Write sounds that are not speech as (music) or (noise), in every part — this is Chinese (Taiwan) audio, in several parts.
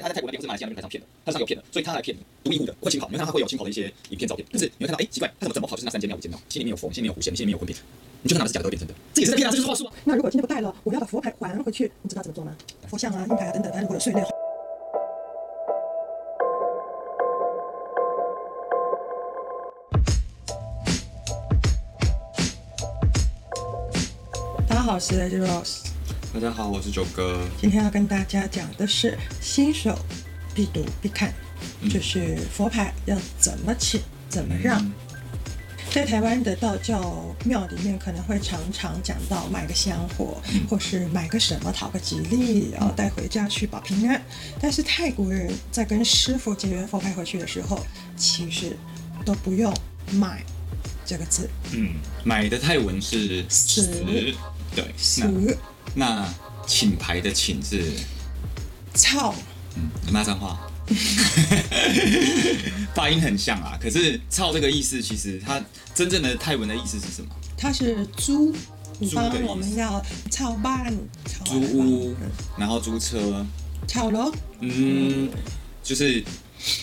他在泰國那邊或是馬來西亞電視台上騙的，他是要騙的，所以他來騙你，獨一無二的會親跑，你會看到他會有親跑的一些影片、照片。但是，你會看到，哎，奇怪，他怎麼怎麼跑就是那三間廟，五間廟，心裡面有佛，心裡面有狐仙，心裡面有混變。你就算拿的是假的，都會變成真的。這也是在騙啊，這就是話術啊。那如果今天不戴了，我要把佛牌還回去，你知道怎麼做嗎？佛像啊、陰牌啊等等，如果有碎裂的話。大家好，我是雷靜茹老師。大家好，我是九哥。今天要跟大家講的是新手必讀必看，嗯、就是佛牌要怎麼請，怎麼讓。嗯、在台灣的道教廟裡面，可能會常常講到買個香火，嗯、或是買個什麼討個吉利，然後帶回家去保平安。但是泰國人在跟師傅結緣佛牌回去的時候，其實都不用“買”這個字。嗯，買的泰文是死“死”，對，死。那個那請牌的請字，操草，嗯，你罵髒話， (laughs) (laughs) 發音很像啊。可是操這個意思，其實它真正的泰文的意思是什麼？它是租，租，我們要操辦租屋，然後租車，操囉。嗯，就是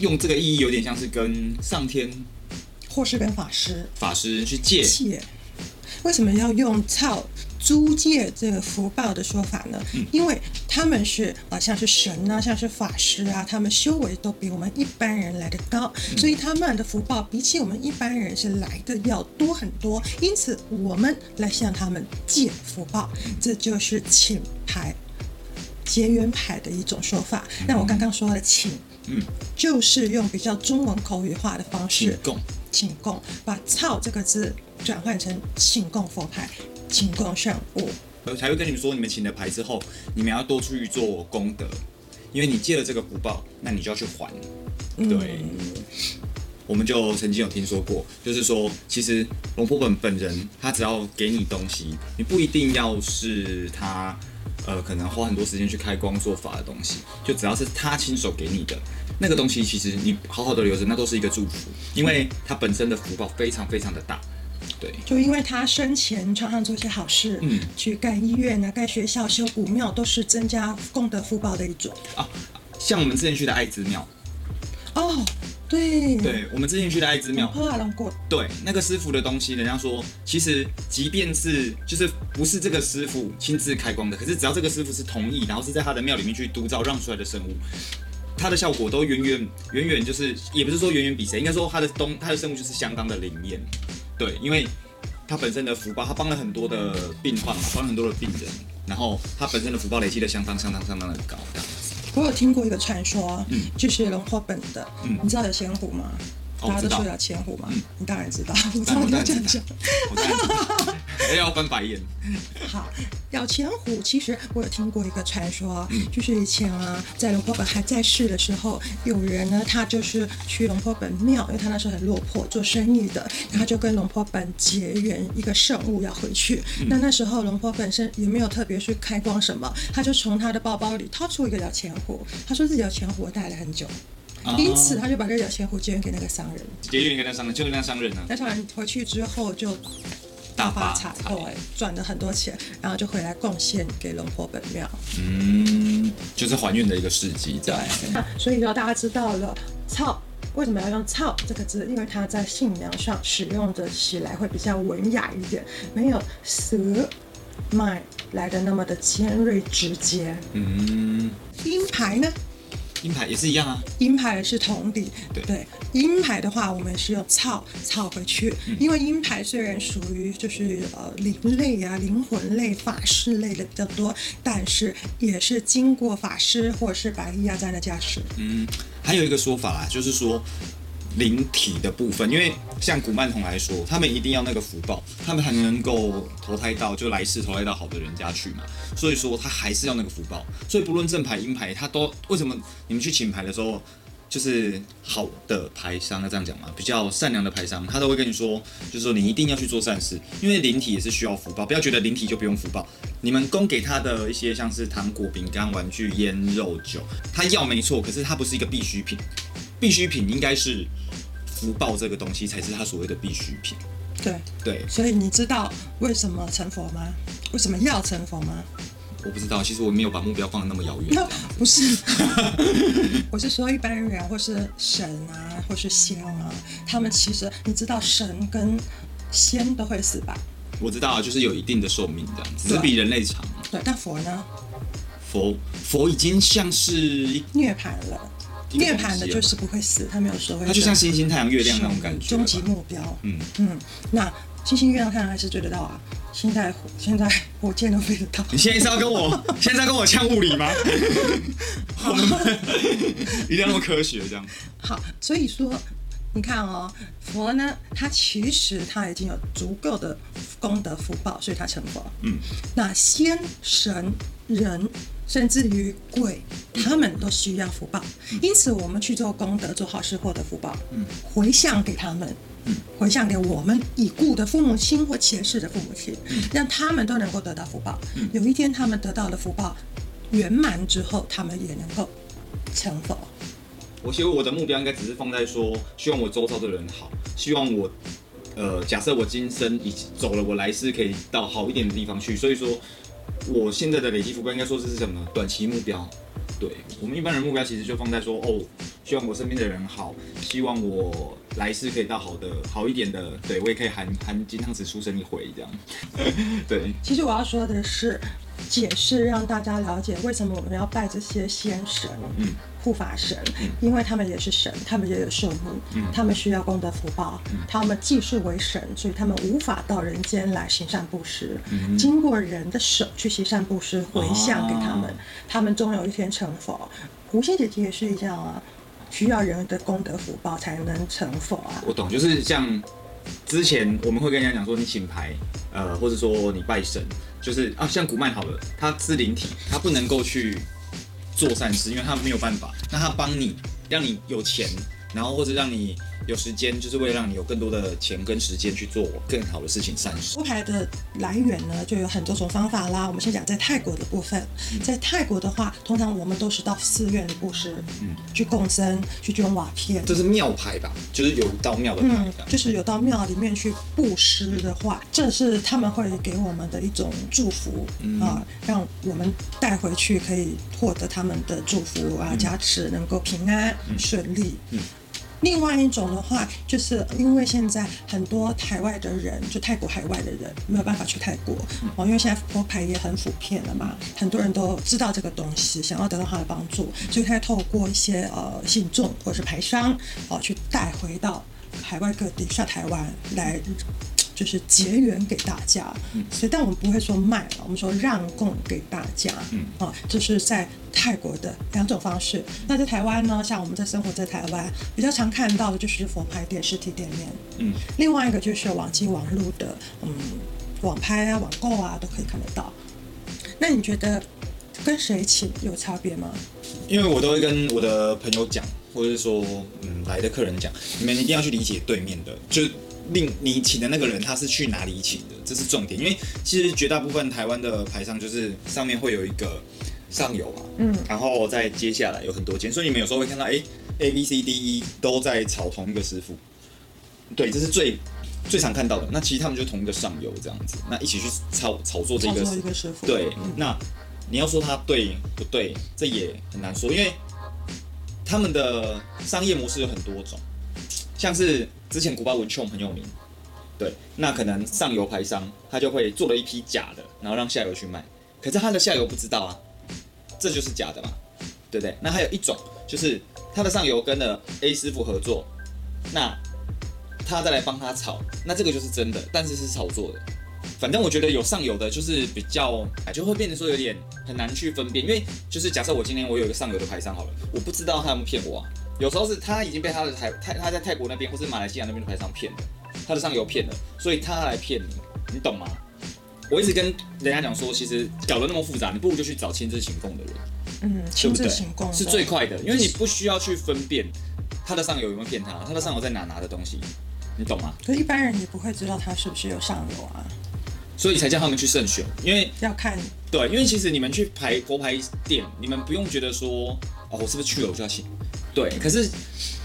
用這個意義，有點像是跟上天，或是跟法師，法師去借。借，為什麼要用操？租借這個福報的說法呢？嗯、因為他們是啊，像是神啊，像是法師啊，他們修為都比我們一般人來得高，嗯、所以他們的福報比起我們一般人是來得要多很多。因此，我們來向他們借福報，嗯、這就是請牌結緣牌的一種說法。嗯、那我剛剛說的請，嗯，就是用比較中文口語化的方式供，請供共，把“操”這個字轉換成請供佛牌。情況下，我、哦、才會跟你們說，你們請的牌之後，你們要多出去做功德，因為你借了這個福報，那你就要去還。嗯、對，我們就曾經有聽說過，就是說，其實龍婆本本人他只要給你東西，你不一定要是他，呃，可能花很多時間去開光做法的東西，就只要是他親手給你的那個東西，其實你好好的留着，那都是一個祝福，因為它本身的福報非常非常的大。對，就因為他生前常常做一些好事，嗯，去蓋醫院、啊、蓋學校、修古廟，都是增加功德福報的一種。啊，像我們之前去的愛之廟。哦，對。對，我們之前去的愛之廟。對，那個師傅的東西，人家說，其實即便是就是不是這個師傅親自開光的，可是只要這個師傅是同意，然後是在他的廟裡面去督造讓出來的聖物，它的效果都遠遠遠遠就是，也不是說遠遠比誰，應該說它的東它的聖物就是相當的靈驗。對，因為他本身的福報，他幫了很多的病患嘛，幫了很多的病人，然後他本身的福報累積得相當、相當、相當的高。我有聽過一個傳說，嗯，就是龍婆本的，嗯，你知道有千虎嗎？哦、大家都說有千虎嘛，哦嗯、你當然，當然知道，我從來不講講。我 (laughs) 我要翻白眼。嗯、好，咬錢虎，其實我有聽過一個傳說，就是以前啊，在龍婆本還在世的時候，有人呢，他就是去龍婆本廟，因為他那時候很落魄，做生意的，然後就跟龍婆本結緣一個聖物要回去。嗯、那那時候龍婆本身也沒有特別去開光什麼，他就從他的包包裡掏出一個咬錢虎，他說自己咬錢虎我帶了很久，因此他就把這咬錢虎結緣給那個商人。結緣給他商人，就是那商人啊。那商人回去之後就。大發財，對，賺了很多錢，然後就回來貢獻給龍婆本廟。嗯，就是還願的一個事蹟在。對、啊，所以說大家知道了，操，為什麼要用操這個字？因為它在信仰上使用的起來會比較文雅一點，沒有蛇，麥來的那麼的尖銳直接。嗯，陰牌呢？陰牌也是一樣啊，陰牌是同理，對對，陰牌的話，我們是要炒炒回去，嗯、因為陰牌雖然屬於就是呃靈類呀、啊、靈魂類、法師類的比較多，但是也是經過法師或者是白衣阿贊這樣的加持。嗯，還有一個說法啊，就是說。靈體的部分，因為像古曼童來說，他們一定要那個福報，他們才能夠投胎到，就來世投胎到好的人家去嘛。所以說他還是要那個福報，所以不論正牌、陰牌，他都為什麼？你們去請牌的時候，就是好的牌商這樣講嘛，比較善良的牌商，他都會跟你說，就是說你一定要去做善事，因為靈體也是需要福報，不要覺得靈體就不用福報。你們供給他的一些像是糖果、餅乾、玩具、醃肉、酒，他要沒錯，可是他不是一個必需品。必需品，應該是福報這個東西才是他所謂的必需品。對對，對，所以你知道為什麼成佛嗎？為什麼要成佛嗎？我不知道，其實我沒有把目標放得那麼遙遠。那不是， (laughs) 我是說一般人或是神啊，或是仙啊，他們其實你知道神跟仙都會死吧？我知道，就是有一定的壽命，這樣子對是比人類長。對，但佛呢？佛佛已經像是涅槃了。涅槃的就是不會死，他沒有說會死。他就像星星、太陽、月亮那種感覺，嗯。終極目標。嗯嗯，嗯，那星星、月亮、太陽還是追得到啊？現在火，現在火箭都追得到。你現在是要跟我， (laughs) 現在跟我嗆物理嗎？好 (laughs) (laughs) 一定要那麼科學這樣？好，所以說你看哦，佛呢，他其實他已經有足夠的功德福報，所以他成佛。嗯，那仙、神、人。甚至於鬼，他們都需要福報，因此我們去做功德、做好事，獲得福報，回向給他們，嗯、回向給我們已故的父母親或前世的父母親，嗯、讓他們都能夠得到福報。嗯、有一天他們得到了福報圓滿之後，他們也能夠成佛。我希望我的目標應該只是放在說，希望我周遭的人好，希望我，呃，假設我今生已經走了，我來世可以到好一點的地方去。所以說。我現在的累積福報應該說這是什麼？短期目標，對，我們一般人的目標其實就放在說，哦，希望我身邊的人好，希望我來世可以到好的好一點的，對，我也可以含含金湯匙出生一回這樣。對，其實我要說的是。解釋讓大家了解為什麼我們要拜這些仙神、嗯、護法神，嗯、因為他們也是神，他們也有壽命，嗯、他們需要功德福報。嗯、他們既是為神，所以他們無法到人間來行善布施，嗯嗯經過人的手去行善布施，回向給他們，啊、他們終有一天成佛。狐仙姐姐也是一樣啊，需要人的功德福報才能成佛啊。我懂，就是像之前我們會跟人家講說，你請牌，呃，或者說你拜神。就是啊，像古曼好了，他是靈體，他不能夠去做善事，因為他沒有辦法。那他幫你，讓你有錢，然後或者讓你。有時間就是為了讓你有更多的錢跟時間去做更好的事情、善事。佛牌的來源呢，就有很多種方法啦。我們先講在泰國的部分，嗯、在泰國的話，通常我們都是到寺院裡布施，嗯，去供僧、去捐瓦片。這是廟牌吧？就是有到廟的吧，嗯，就是有到廟裡面去布施的話，這、嗯、是他們會給我們的一種祝福、嗯、啊，讓我們帶回去可以獲得他們的祝福啊、嗯、加持，能夠平安、嗯、順利，嗯。嗯另外一種的話，就是因為現在很多台外的人，就泰國海外的人沒有辦法去泰國哦，因為現在佛牌也很普遍了嘛，很多人都知道這個東西，想要得到他的幫助，所以他要透過一些呃信眾或是牌商哦、呃，去帶回到海外各地，下台灣來。就是結緣給大家，嗯、所以但我們不會說賣了，我們說讓供給大家。嗯啊，這、就是在泰國的兩種方式。嗯、那在台灣呢？像我們在生活在台灣，比較常看到的就是佛牌店實體店面。嗯，另外一個就是網際網路的，嗯，網拍啊、網購啊都可以看得到。那你覺得跟誰請有差別嗎？因為我都會跟我的朋友講，或者是說，嗯，來的客人講，你們一定要去理解對面的，就。另你請的那個人他是去哪裡請的？這是重點，因為其實絕大部分台灣的牌商就是上面會有一個上游嘛，嗯，然後再接下來有很多間，所以你們有時候會看到，哎，A B C D E 都在炒同一個師傅，對，這是最最常看到的。那其實他們就是同一個上游這樣子，那一起去炒炒作這個，炒作一個師傅。對，嗯，那你要說他對不對？這也很難說，因為他們的商業模式有很多種。像是之前古巴文丘很有名，對，那可能上游牌商他就會做了一批假的，然後讓下游去賣，可是他的下游不知道啊，這就是假的嘛，對不對？那還有一種就是他的上游跟了 A 師傅合作，那他再來幫他炒，那這個就是真的，但是是炒作的。反正我覺得有上游的，就是比較就會變得說有點很難去分辨，因為就是假設我今天我有一個上游的牌商好了，我不知道他們騙我啊。有時候是他已經被他的台他他在泰國那邊或是馬來西亞那邊的牌商騙了，他的上游騙了，所以他來騙你，你懂嗎？我一直跟人家講說，其實搞得那麼複雜，你不如就去找親自行供的人，嗯，親自行供是最快的，因為你不需要去分辨他的上游有、有沒有騙他，他的上游在哪拿、拿的東西，你懂嗎？可一般人也不會知道他是不是有上游啊，所以才叫他們去慎選，因為要看對，因為其實你們去牌國牌店，你們不用覺得說哦，我是不是去了我就要對，可是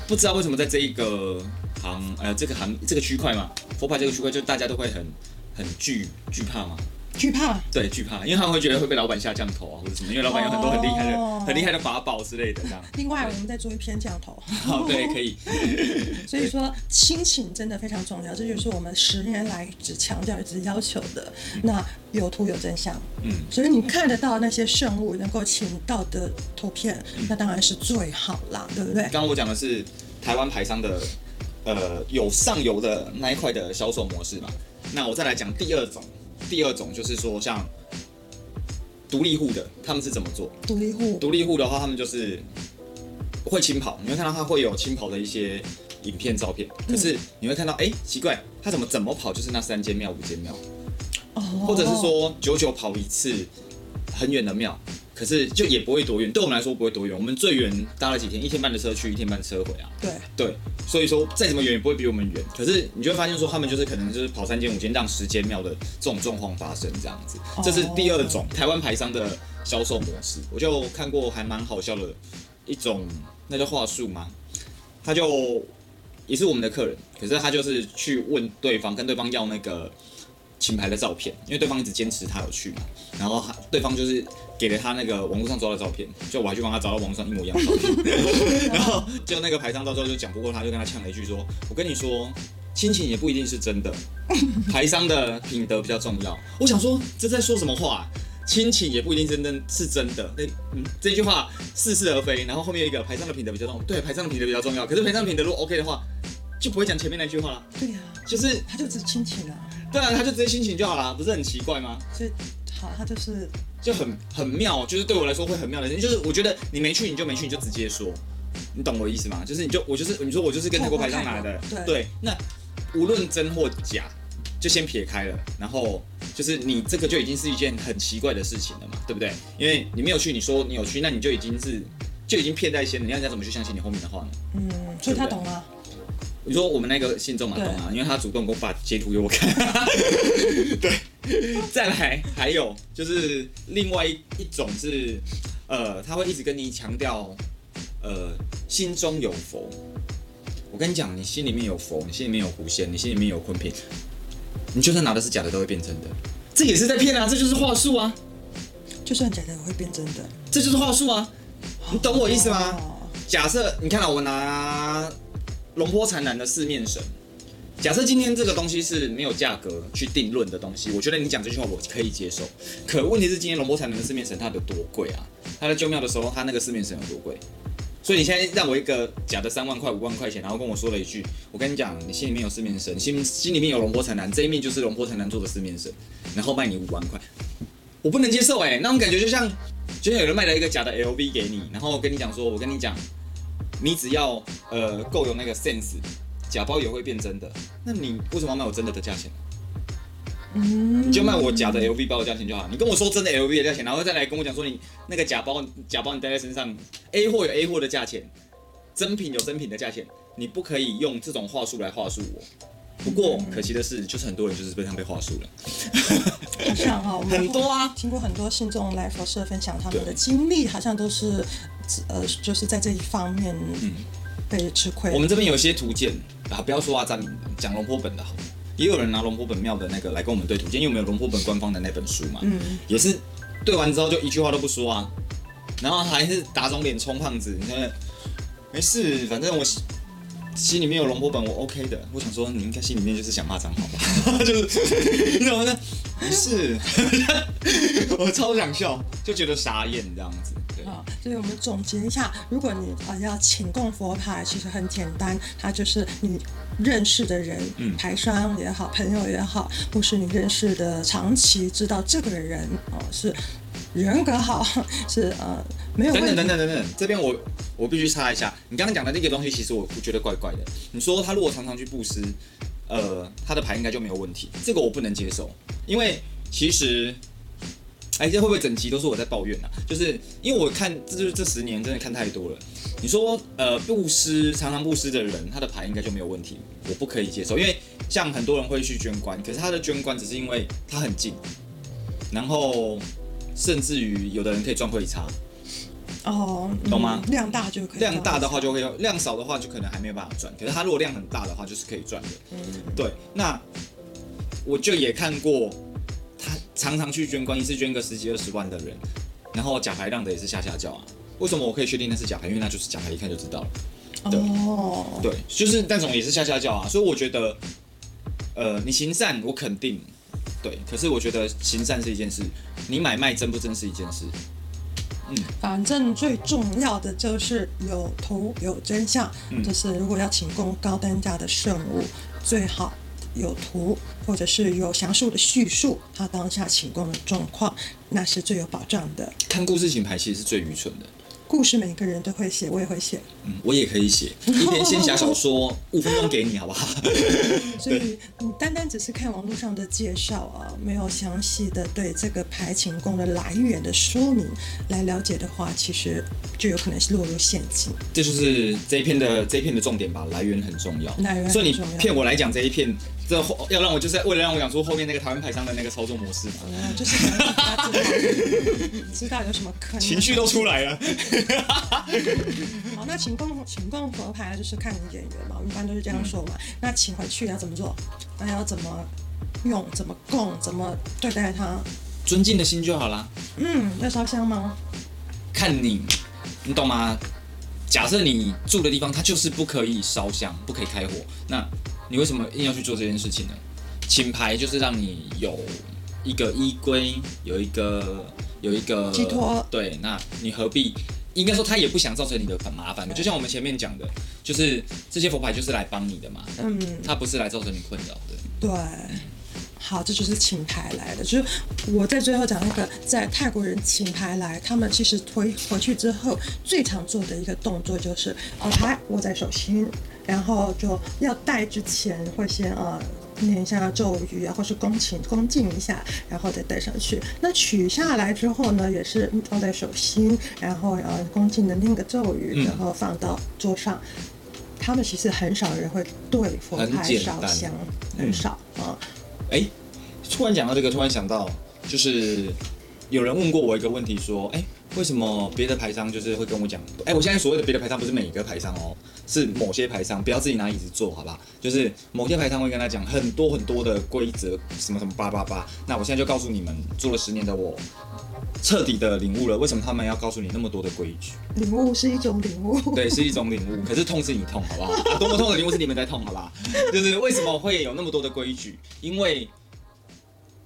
不知道為什麼在這一個行，呃，這個行這個區塊嘛，佛牌這個區塊就大家都會很很懼懼怕嘛。懼怕，對懼怕，因為他們會覺得會被老闆下降頭啊，或者什麼，因為老闆有很多很厲害的、oh、很厲害的法寶之類的。這樣。另外，我們再做一篇降頭。好對，oh, 對，可以。 (laughs) 所以說，親請真的非常重要，對這就是我們十年來只強調、只要求的。嗯、那有圖有真相，嗯。所以你看得到那些聖物能夠請到的圖片，嗯、那當然是最好啦，對不對？剛剛我講的是台灣牌商的，呃，有上游的那一塊的銷售模式嘛。那我再來講第二種。第二種就是說，像獨立戶的，他們是怎麼做？獨立戶，獨立戶的話，他們就是會清跑。你會看到他會有清跑的一些影片、照片。嗯、可是你會看到，哎、欸，奇怪，他怎麼怎麼跑就是那三間廟、五間廟，哦、或者是說，久久跑一次很遠的廟。可是就也不會多遠，對我們來說不會多遠，我們最遠搭了幾天，一天半的車去，一天半的車回啊。對對，所以說再怎麼遠也不會比我們遠。可是你就會發現說，他們就是可能就是跑三間五間，讓十間廟的這種狀況發生這樣子，哦、這是第二種台灣牌商的銷售模式。我就看過還蠻好笑的一種，那叫話術嘛。他就也是我們的客人，可是他就是去問對方，跟對方要那個。親牌的照片，因為對方一直堅持他有去嘛，然後對方就是給了他那個網絡上抓的照片，就我還去幫他找到網絡上一模一樣的照片， (laughs) 啊、然後就那個牌商到最後就講不過他，就跟他嗆了一句說：“我跟你說，親請也不一定是真的，牌商的品德比較重要。” (laughs) 我想說，這在說什麼話、啊？親請也不一定真真是真的。那、欸、嗯，這句話似是而非。然後後面一個牌商的品德比較重要，對、啊，牌商的品德比較重要。可是牌商的品德如果 OK 的話，就不會講前面那句話了。對呀、啊，就是他就只親請了、啊。對啊，他就直接心情就好了，不是很奇怪嗎？所以，好，他就是就很很妙，就是對我來說會很妙的事情。就是我覺得你沒去，你就沒去，你就直接說，你懂我的意思嗎？就是你就我就是你說我就是跟德國牌上馬的，對，對。那無論真或假，就先撇開了，然後就是你這個就已經是一件很奇怪的事情了嘛，對不對？因為你沒有去，你說你有去，那你就已經是就已經騙在先了，你要人家怎麼去相信你後面的話呢？嗯，所以他懂了、啊。你說我們那個信眾嘛、啊，懂嗎對？因為他主動給我發截圖給我看。 (laughs) (laughs) 對，再來還有就是另外一,一種是，呃，他會一直跟你強調，呃，心中有佛。我跟你講，你心裡面有佛，你心裡面有狐仙，你心裡面有坤平，你就算拿的是假的，都會變真的。這也是在騙啊，這就是話術啊。就算假的，也會變真的。這就是話術啊。你懂我意思嗎？Oh, oh, oh. 假設你看、啊，我拿。龍波禪南的四面神，假設今天這個東西是沒有價格去定論的東西，我覺得你講這句話我可以接受。可問題是今天龍波禪南的四面神它有多貴啊？他在救廟的時候，他那個四面神有多貴？所以你現在讓我一個假的三萬塊、五萬塊錢，然後跟我說了一句：“我跟你講，你心裡面有四面神，心心裡面有龍波禪南這一面就是龍波禪南做的四面神，然後賣你五萬塊，我不能接受誒、欸，那種感覺就像，今天有人賣了一個假的 LV 給你，然後跟你講說，我跟你講。”你只要呃夠有那個 sense，假包也會變真的。那你為什麼要賣我真的的價錢？嗯，你就賣我假的 LV 包的價錢就好。你跟我說真的 LV 的價錢，然後再來跟我講說你那個假包，假包你戴在身上，A 貨有 A 貨的價錢，真品有真品的價錢，你不可以用這種話術來話術我。不過、嗯、可惜的是，就是很多人就是被他們被話術了。好像這樣啊，我們很多啊，聽過很多信眾來佛舍分享他們的經歷，對好像都是。呃，就是在這一方面，嗯，被吃虧、嗯。我們這邊有些圖鑑啊，不要說阿、啊、占，講龍婆本的好，也有人拿龍婆本廟的那個來跟我們對圖鑑，因為我們有龍婆本官方的那本書嘛，嗯，也是對完之後就一句話都不說啊，然後還是打腫臉充胖子，你看，沒事，反正我心裡面有龍婆本，我 OK 的。我想說，你應該心裡面就是想罵髒話吧， (laughs) 就是怎麼呢？ (laughs) 不是， (laughs) (laughs) 我超想笑，就覺得傻眼這樣子。啊、哦，所以我們總結一下，如果你啊要請供佛牌，其實很簡單，它就是你認識的人，嗯、牌商也好，朋友也好，或是你認識的長期知道這個的人哦，是人格好，是呃沒有問題。等等等等等等，這邊我我必須插一下，你剛剛講的那個東西，其實我覺得怪怪的。你說他如果常常去布施，呃，他的牌應該就沒有問題，這個我不能接受，因為其實。哎、欸，這會不會整集都是我在抱怨啊？就是因為我看，這就是這十年真的看太多了。你說，呃，布施常常布施的人，他的牌應該就沒有問題。我不可以接受，因為像很多人會去捐官，可是他的捐官只是因為他很近。然後，甚至於有的人可以賺匯率差。哦，懂嗎、嗯？量大就可以。量大的話就可以，量少的話就可能還沒有辦法賺。可是他如果量很大的話，就是可以賺的。嗯嗯嗯，對，那我就也看過。常常去捐棺，一次捐個十幾二十萬的人，然後假牌讓的也是下下叫啊。為什麼我可以確定那是假牌？因為那就是假牌，一看就知道了。對哦，對，就是那種也是下下叫啊。所以我覺得，呃，你行善我肯定對，可是我覺得行善是一件事，你買賣真不真是一件事。嗯，反正最重要的就是有圖有真相，嗯，就是如果要請供高單價的聖物，最好。有圖，或者是有詳述的敘述，他當下請供的狀況，那是最有保障的。看故事型牌其實是最愚蠢的。故事每個人都會寫，我也會寫，嗯，我也可以寫 (laughs) 一篇仙俠小，小說，五 (laughs) 分鐘給你，好不好？所以，對你單單只是看網絡上的介紹啊，沒有詳細的對這個牌請供的來源的說明來了解的話，其實就有可能是落入陷阱。這就是這一片的這一片的重點吧，來源很重要。來源，所以你騙我來講這一片。要讓我，就是為了讓我講出後面那個臺灣牌商的那個操作模式嘛？就是知道有什麼可能，情緒都出來了。 (laughs) 好，那請供請供佛牌就是看你演員嘛，一般都是這樣說嘛。那請回去要怎麼做？那要怎麼用？怎麼供？怎麼對待他？尊敬的心就好啦。嗯，要燒香嗎？看你，你懂嗎？假設你住的地方它就是不可以燒香，不可以開火，那。你為什麼硬要去做這件事情呢？請牌就是讓你有一個依歸，有一個有一個寄托。對，那你何必？應該說他也不想造成你的很麻煩。對就像我們前面講的，就是這些佛牌就是來幫你的嘛，他、嗯、不是來造成你困擾的。對。好，這就是請牌來的，就是我在最後講那個，在泰國人請牌來，他們其實推回，回去之後，最常做的一個動作就是佛牌、OK, 握在手心，然後就要戴之前會先呃念一下咒語，或是恭敬恭敬一下，然後再戴上去。那取下來之後呢，也是放在手心，然後呃恭敬的念個咒語，嗯、然後放到桌上。他們其實很少人會對佛牌燒香，很，嗯、很少啊。呃哎，突然講到這個，突然想到，就是。有人問過我一個問題，說：“誒、欸，為什麼別的牌商就是會跟我講？誒、欸，我現在所謂的別的牌商不是每一個牌商哦，是某些牌商。不要自己拿椅子坐，好不好？就是某些牌商會跟他講很多很多的規則，什麼什麼八八八。那我現在就告訴你們，做了十年的我，徹底的領悟了為什麼他們要告訴你那麼多的規矩。領悟是一種領悟，對，是一種領悟。可是痛是你痛，好不好、啊？多麼痛的領悟是你們在痛，好吧？就是為什麼會有那麼多的規矩？因為……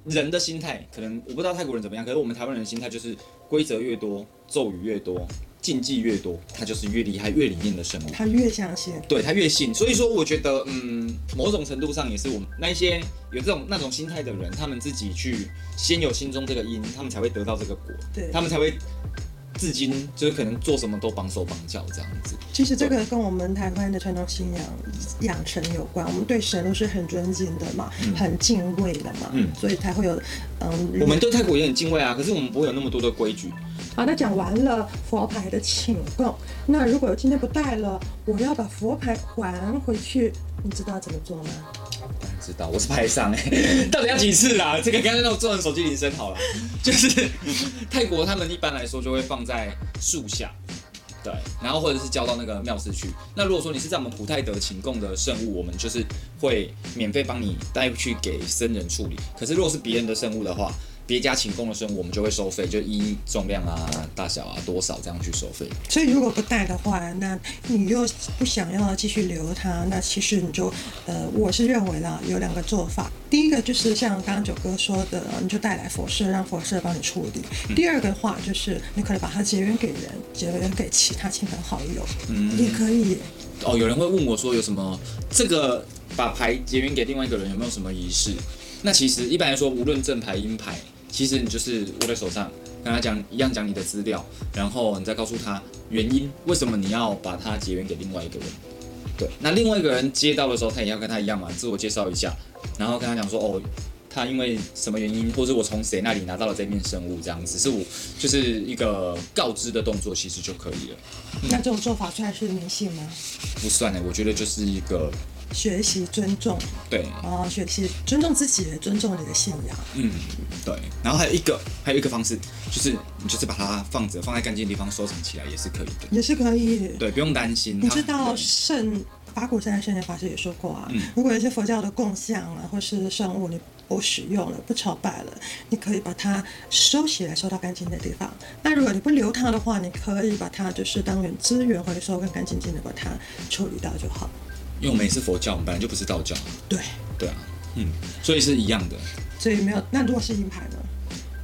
人的心態，可能我不知道泰國人怎麼樣，可是我們台灣人的心態就是規則越多，咒語越多，禁忌越多，他就是越厲害，越裡面的生物，他越相信，對，他越信。所以說，我覺得，嗯，某種程度上也是我們那一些有這種那種心態的人，他們自己去先有心中這個因，他們才會得到這個果，對，他們才會。至今就是可能做什麼都綁手綁腳這樣子。其實這個跟我們台灣的傳統信仰養成有關，我們對神都是很尊敬的嘛，嗯、很敬畏的嘛，嗯、所以才會有嗯。我們對泰國也很敬畏啊，可是我們不會有那麼多的規矩。好，那講完了佛牌的請供，那如果今天不帶了，我要把佛牌還回去，你知道怎麼做嗎？我不知道，我是派上哎、欸， (laughs) 到底要幾次啊？這個剛才那種做能手機鈴聲好了，就是泰國他們一般來說就會放在樹下，對，然後或者是交到那個廟寺去。那如果說你是在我們普泰德請供的聖物，我們就是會免費幫你帶去給僧人處理。可是如果是別人的聖物的話，別家請供的時候，我們就會收費，就依重量啊、大小啊、多少這樣去收費。所以如果不帶的話，那你又不想要繼續留它，那其實你就，呃，我是認為呢，有兩個做法。第一個就是像剛剛九哥說的，你就帶來佛舍，讓佛舍幫你處理。嗯、第二個的話就是，你可能把它結緣給人，結緣給其他親朋好友，嗯、嗯，你也可以。哦，有人會問我說，有什麼這個把牌結緣給另外一個人有沒有什麼儀式？那其實一般來說，無論正牌、陰牌。其實你就是握在手上，跟他講一樣講你的資料，然後你再告訴他原因，為什麼你要把他結緣給另外一個人。對，那另外一個人接到的時候，他也要跟他一樣嘛，自我介紹一下，然後跟他講說，哦，他因為什麼原因，或是我從誰那裡拿到了這面聖物，這樣子是我就是一個告知的動作，其實就可以了。嗯、那這種做法算是迷信嗎？不算哎、欸，我覺得就是一個。學習尊重，對啊，學習尊重自己，尊重你的信仰。嗯，對。然後還有一個，還有一個方式，就是，就是把它放着，放在乾淨的地方，收藏起來也是可以的，也是可以。對，不用擔心。你知道聖法鼓山的聖嚴法師也說過啊，嗯，如果有些佛教的供像啊，或是聖物，你不使用了，不朝拜了，你可以把它收起來，收到乾淨的地方。那如果你不留它的話，你可以把它就是當成資源回收，乾乾淨淨的把它處理掉就好。因為我們也是佛教，我們本來就不是道教。對，對啊，嗯，所以是一樣的。所以沒有，那如果是陰牌呢？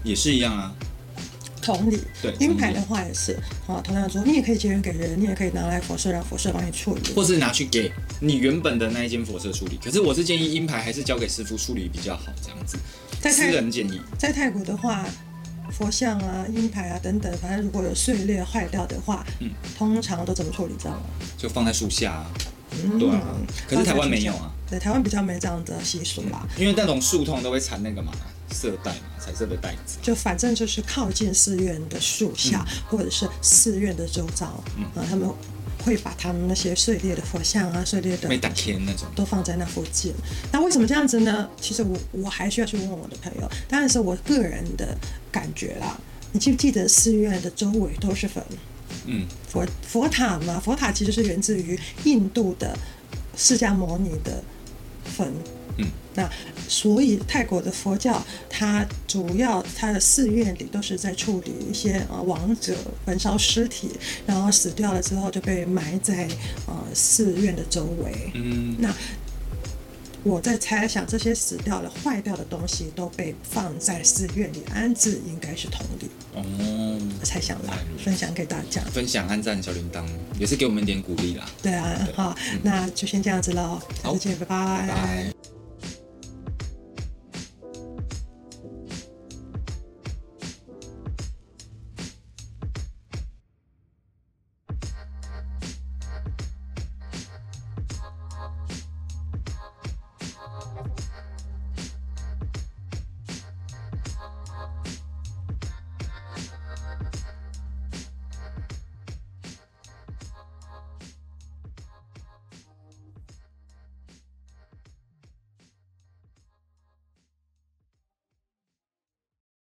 也是一樣啊，同理。對，陰 (noise) 牌，樣牌的話也是啊，同樣說，你也可以捐給人，你也可以拿來佛社讓佛社幫你處理對對，或是拿去給你原本的那一間佛社處理。可是我是建議陰牌還是交給師傅處理比較好，這樣子。在泰，私人建議。在泰國的話，佛像啊、陰牌啊等等，反正如果有碎裂壞掉的話，嗯，通常都怎麼處理，知道嗎？就放在樹下、啊。對，嗯、可是台灣沒有啊。對，台灣比較沒這樣的習俗吧。因為那種樹痛都會纏那個嘛，色帶嘛，彩色的帶子，啊。就反正就是靠近寺院的樹下，嗯、或者是寺院的周遭，嗯、啊，他們會把他們那些碎裂的佛像啊、碎裂的……沒打天那種，都放在那附近。那，那為什麼這樣子呢？其實我我還需要去問我的朋友，當然是我個人的感覺啦。你記不記得寺院的周圍都是墳？嗯，佛佛塔嘛，佛塔其實是源自於印度的釋迦牟尼的墳。嗯，那所以泰國的佛教，它主要它的寺院裡都是在處理一些呃亡者焚燒屍體，然後死掉了之後就被埋在呃寺院的周圍。嗯，那。我在猜想，這些死掉了、壞掉的東西都被放在寺院裡安置，應該是同理。哦、嗯，猜想來、嗯、分享給大家。分享、按讚、小鈴鐺，也是給我們一點鼓勵啦。對啊，對好，嗯、那就先這樣子嘍。好，再見，好拜拜。拜拜。